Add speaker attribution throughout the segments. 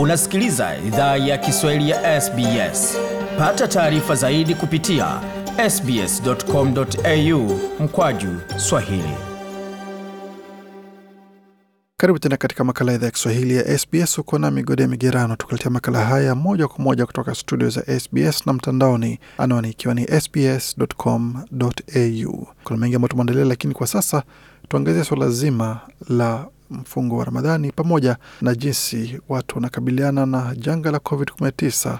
Speaker 1: Unasikiliza idhaa ya Kiswahili ya SBS. Pata taarifa zaidi kupitia sbs.com.au mkwaju swahili. Karibu tena katika makala idhaa ya Kiswahili ya SBS. Uko na Migode Migerano tukuletea makala haya moja kwa moja kutoka studio za SBS na mtandaoni, anwani ikiwa ni sbs.com.au. Kuna mengi ambayo tumeandalia, lakini kwa sasa tuangazie suala zima la mfungo wa Ramadhani pamoja na jinsi watu wanakabiliana na janga la COVID-19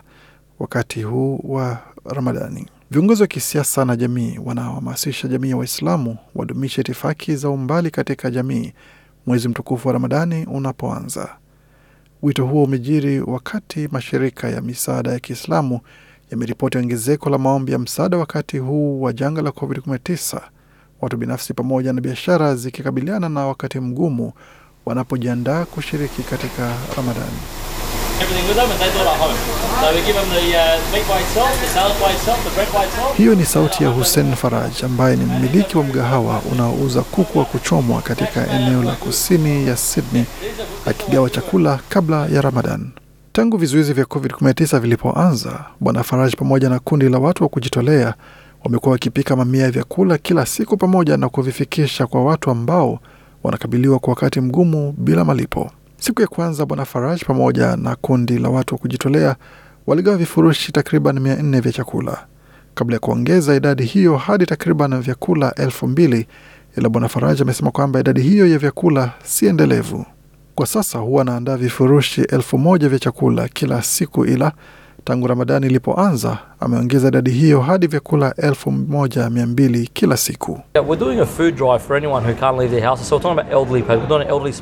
Speaker 1: wakati huu wa Ramadhani. Viongozi wa kisiasa na jamii wanaohamasisha jamii ya Waislamu wadumishe itifaki za umbali katika jamii mwezi mtukufu wa Ramadhani unapoanza. Wito huo umejiri wakati mashirika ya misaada ya Kiislamu yameripoti ongezeko la maombi ya msaada wakati huu wa janga la COVID-19, watu binafsi pamoja na biashara zikikabiliana na wakati mgumu wanapojiandaa kushiriki katika Ramadani. Hiyo ni sauti ya Hussein Faraj ambaye ni mmiliki wa mgahawa unaouza kuku wa kuchomwa katika eneo la kusini ya Sydney, akigawa chakula kabla ya Ramadan. Tangu vizuizi vya COVID-19 vilipoanza, Bwana Faraj pamoja na kundi la watu wa kujitolea wamekuwa wakipika mamia ya vyakula kila siku pamoja na kuvifikisha kwa watu ambao wanakabiliwa kwa wakati mgumu bila malipo. Siku ya kwanza, Bwana Faraj pamoja na kundi la watu wa kujitolea waligawa vifurushi takriban mia nne vya chakula kabla ya kuongeza idadi hiyo hadi takriban vyakula elfu mbili ila Bwana Faraj amesema kwamba idadi hiyo ya vyakula si endelevu. Kwa sasa huwa anaandaa vifurushi elfu moja vya chakula kila siku, ila tangu Ramadani ilipoanza. Ameongeza idadi hiyo hadi vyakula elfu moja mia mbili kila siku.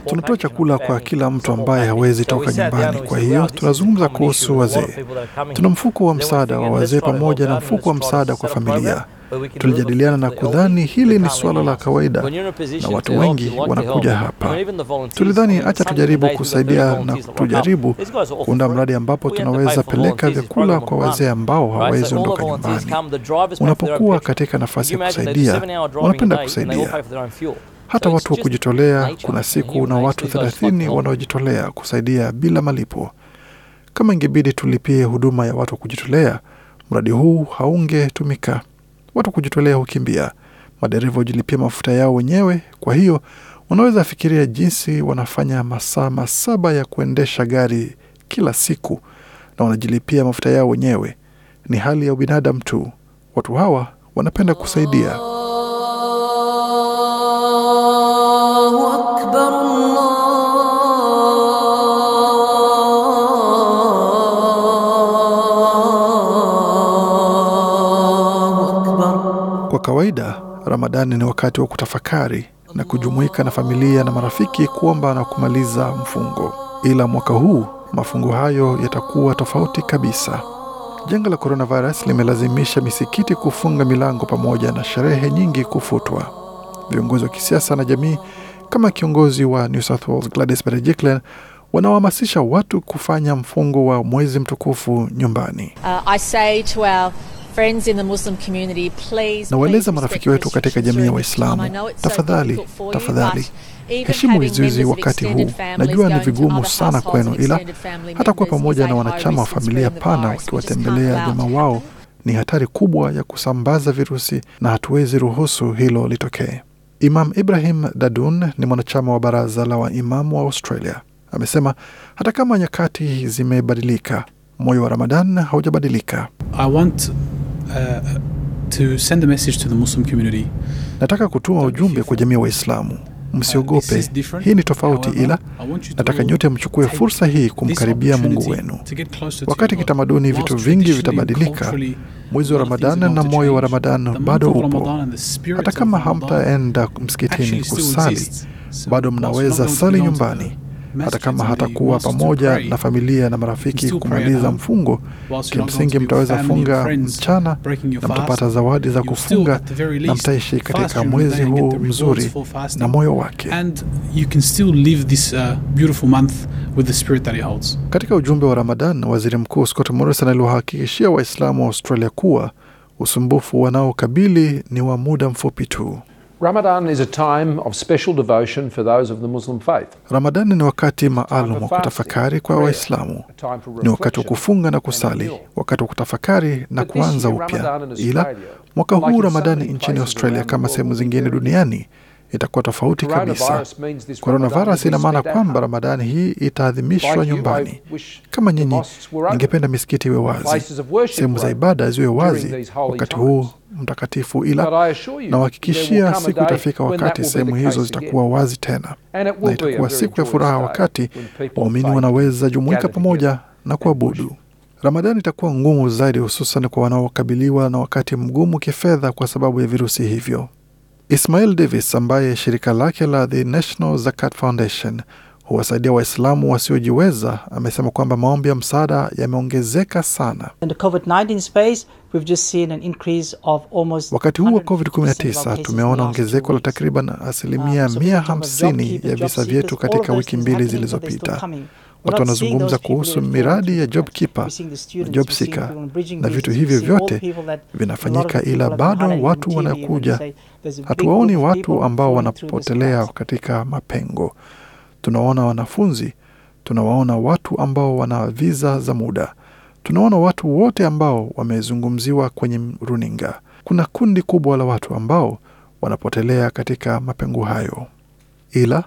Speaker 1: Tunatoa chakula kwa kila mtu ambaye hawezi toka nyumbani, kwa hiyo tunazungumza kuhusu wazee. Tuna mfuko wa msaada wa wazee pamoja na mfuko wa msaada kwa familia Tulijadiliana na kudhani hili ni suala la kawaida, na watu wengi wanakuja hapa. Tulidhani acha tujaribu kusaidia na tujaribu kuunda mradi ambapo tunaweza peleka vyakula kwa wazee ambao hawawezi ondoka nyumbani. Unapokuwa katika nafasi ya kusaidia, wanapenda kusaidia hata watu wa kujitolea. Kuna siku na watu thelathini wanaojitolea kusaidia bila malipo. Kama ingebidi tulipie huduma ya watu wa kujitolea, mradi huu haungetumika watu kujitolea hukimbia. Madereva hujilipia mafuta yao wenyewe, kwa hiyo unaweza fikiria jinsi wanafanya masaa masaba ya kuendesha gari kila siku na wanajilipia mafuta yao wenyewe. Ni hali ya ubinadamu tu. Watu hawa wanapenda kusaidia. Allahu Akbar. Kwa kawaida, Ramadani ni wakati wa kutafakari na kujumuika na familia na marafiki kuomba na kumaliza mfungo, ila mwaka huu mafungo hayo yatakuwa tofauti kabisa. Janga la coronavirus limelazimisha misikiti kufunga milango pamoja na sherehe nyingi kufutwa. Viongozi wa kisiasa na jamii kama kiongozi wa New South Wales Gladys Berejiklian wanaohamasisha watu kufanya mfungo wa mwezi mtukufu nyumbani. Uh, I say to our Nawaeleza marafiki wetu katika jamii ya Waislamu, tafadhali tafadhali heshimu vizuizi wakati huu. Najua ni vigumu sana kwenu, ila hata kuwa pamoja na wanachama wa familia pana wakiwatembelea jamaa wao ni hatari kubwa ya kusambaza virusi, na hatuwezi ruhusu hilo litokee. Imam Ibrahim Dadun ni mwanachama wa baraza la waimamu wa Australia. Amesema hata kama nyakati zimebadilika, moyo wa Ramadan haujabadilika. Uh, to send a message to the Muslim community. Nataka kutoa ujumbe kwa jamii ya Waislamu, msiogope. Uh, hii ni tofauti, ila nataka nyote mchukue fursa hii kumkaribia Mungu wenu. Wakati kitamaduni vitu vingi vitabadilika, mwezi wa ramadan na moyo wa ramadan bado upo. Hata kama hamtaenda msikitini kusali, bado mnaweza sali nyumbani hata kama hatakuwa pamoja na familia na marafiki kumaliza mfungo. Kimsingi mtaweza funga mchana na mtapata zawadi za kufunga na mtaishi katika mwezi huu mzuri na moyo wake. Uh, katika ujumbe wa Ramadan, waziri mkuu Scott Morrison aliwahakikishia Waislamu wa Australia kuwa usumbufu wanaokabili ni wa muda mfupi tu. Ramadan is a time of special devotion for those of the Muslim faith. Ramadani ni wakati maalum wa kutafakari kwa Waislamu. Ni wakati wa kufunga na kusali, wakati wa kutafakari na kuanza upya. Ila mwaka huu Ramadani nchini Australia, kama sehemu zingine duniani, itakuwa tofauti kabisa. Koronavirus ina maana kwamba Ramadani hii itaadhimishwa nyumbani. Kama nyinyi, ningependa misikiti iwe wazi, sehemu za ibada ziwe wazi wakati huu mtakatifu, ila nawahakikishia, siku itafika wakati sehemu hizo zitakuwa wazi tena, na itakuwa siku ya furaha, wakati waumini wanaweza jumuika pamoja na kuabudu. Ramadani itakuwa ngumu zaidi, hususan kwa wanaokabiliwa na wakati mgumu kifedha kwa sababu ya virusi hivyo. Ismail Davis ambaye shirika lake la The National Zakat Foundation huwasaidia Waislamu wasiojiweza amesema kwamba maombi ya msaada yameongezeka sana. Wakati huu wa COVID-19 tumeona ongezeko la takriban asilimia um, mia hamsini ya visa vyetu katika wiki mbili zilizopita watu wanazungumza kuhusu miradi ya job keeper na job seeker, na vitu hivyo vyote vinafanyika, ila bado watu wanakuja. Hatuwaoni watu ambao wanapotelea katika mapengo. Tunawaona wanafunzi, tunawaona watu ambao wana viza za muda, tunaona watu wote ambao wamezungumziwa kwenye runinga. Kuna kundi kubwa la watu ambao wanapotelea katika mapengo hayo, ila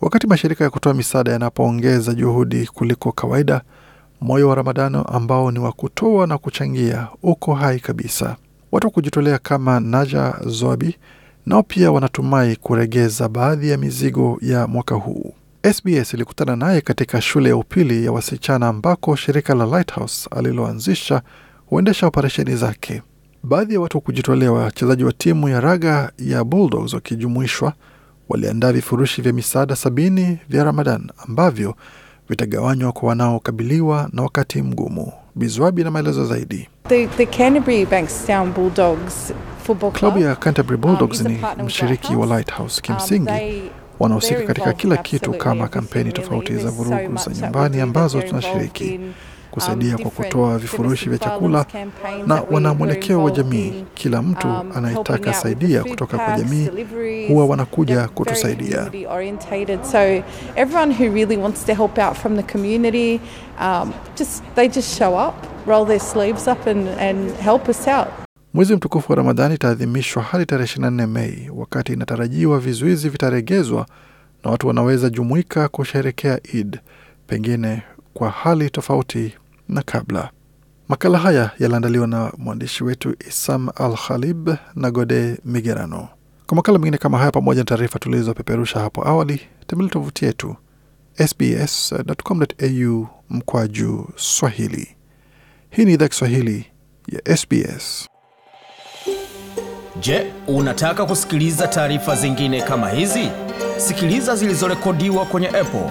Speaker 1: Wakati mashirika ya kutoa misaada yanapoongeza juhudi kuliko kawaida, moyo wa Ramadano ambao ni wa kutoa na kuchangia uko hai kabisa. Watu wa kujitolea kama Naja Zoabi nao pia wanatumai kuregeza baadhi ya mizigo ya mwaka huu. SBS ilikutana naye katika shule ya upili ya wasichana ambako shirika la Lighthouse aliloanzisha huendesha operesheni zake. Baadhi ya watu wa kujitolea, wachezaji wa timu ya raga ya Bulldogs wakijumuishwa waliandaa vifurushi vya misaada sabini vya Ramadan ambavyo vitagawanywa kwa wanaokabiliwa na wakati mgumu. Bizwabi na maelezo zaidi. Klabu ya um, Canterbury Bulldogs um, ni mshiriki wa Lighthouse. Kimsingi wanahusika katika kila kitu kama kampeni tofauti za vurugu so za nyumbani ambazo tunashiriki in kusaidia um, kwa kutoa vifurushi vya chakula, na wana mwelekeo wa jamii. Kila mtu um, anayetaka saidia kutoka kwa jamii huwa wanakuja kutusaidia. Mwezi mtukufu wa Ramadhani itaadhimishwa hadi tarehe 24 Mei, wakati inatarajiwa vizuizi vitaregezwa na watu wanaweza jumuika kusherekea Eid, pengine kwa hali tofauti na kabla. Makala haya yaliandaliwa na mwandishi wetu Isam Al Khalib na Gode Migerano. Kwa makala mengine kama haya pamoja na taarifa tulizopeperusha hapo awali, tembele tovuti yetu sbs.com.au mkwaju Swahili. Hii ni idhaa Kiswahili ya SBS. Je, unataka kusikiliza taarifa zingine kama hizi? Sikiliza zilizorekodiwa kwenye Apple,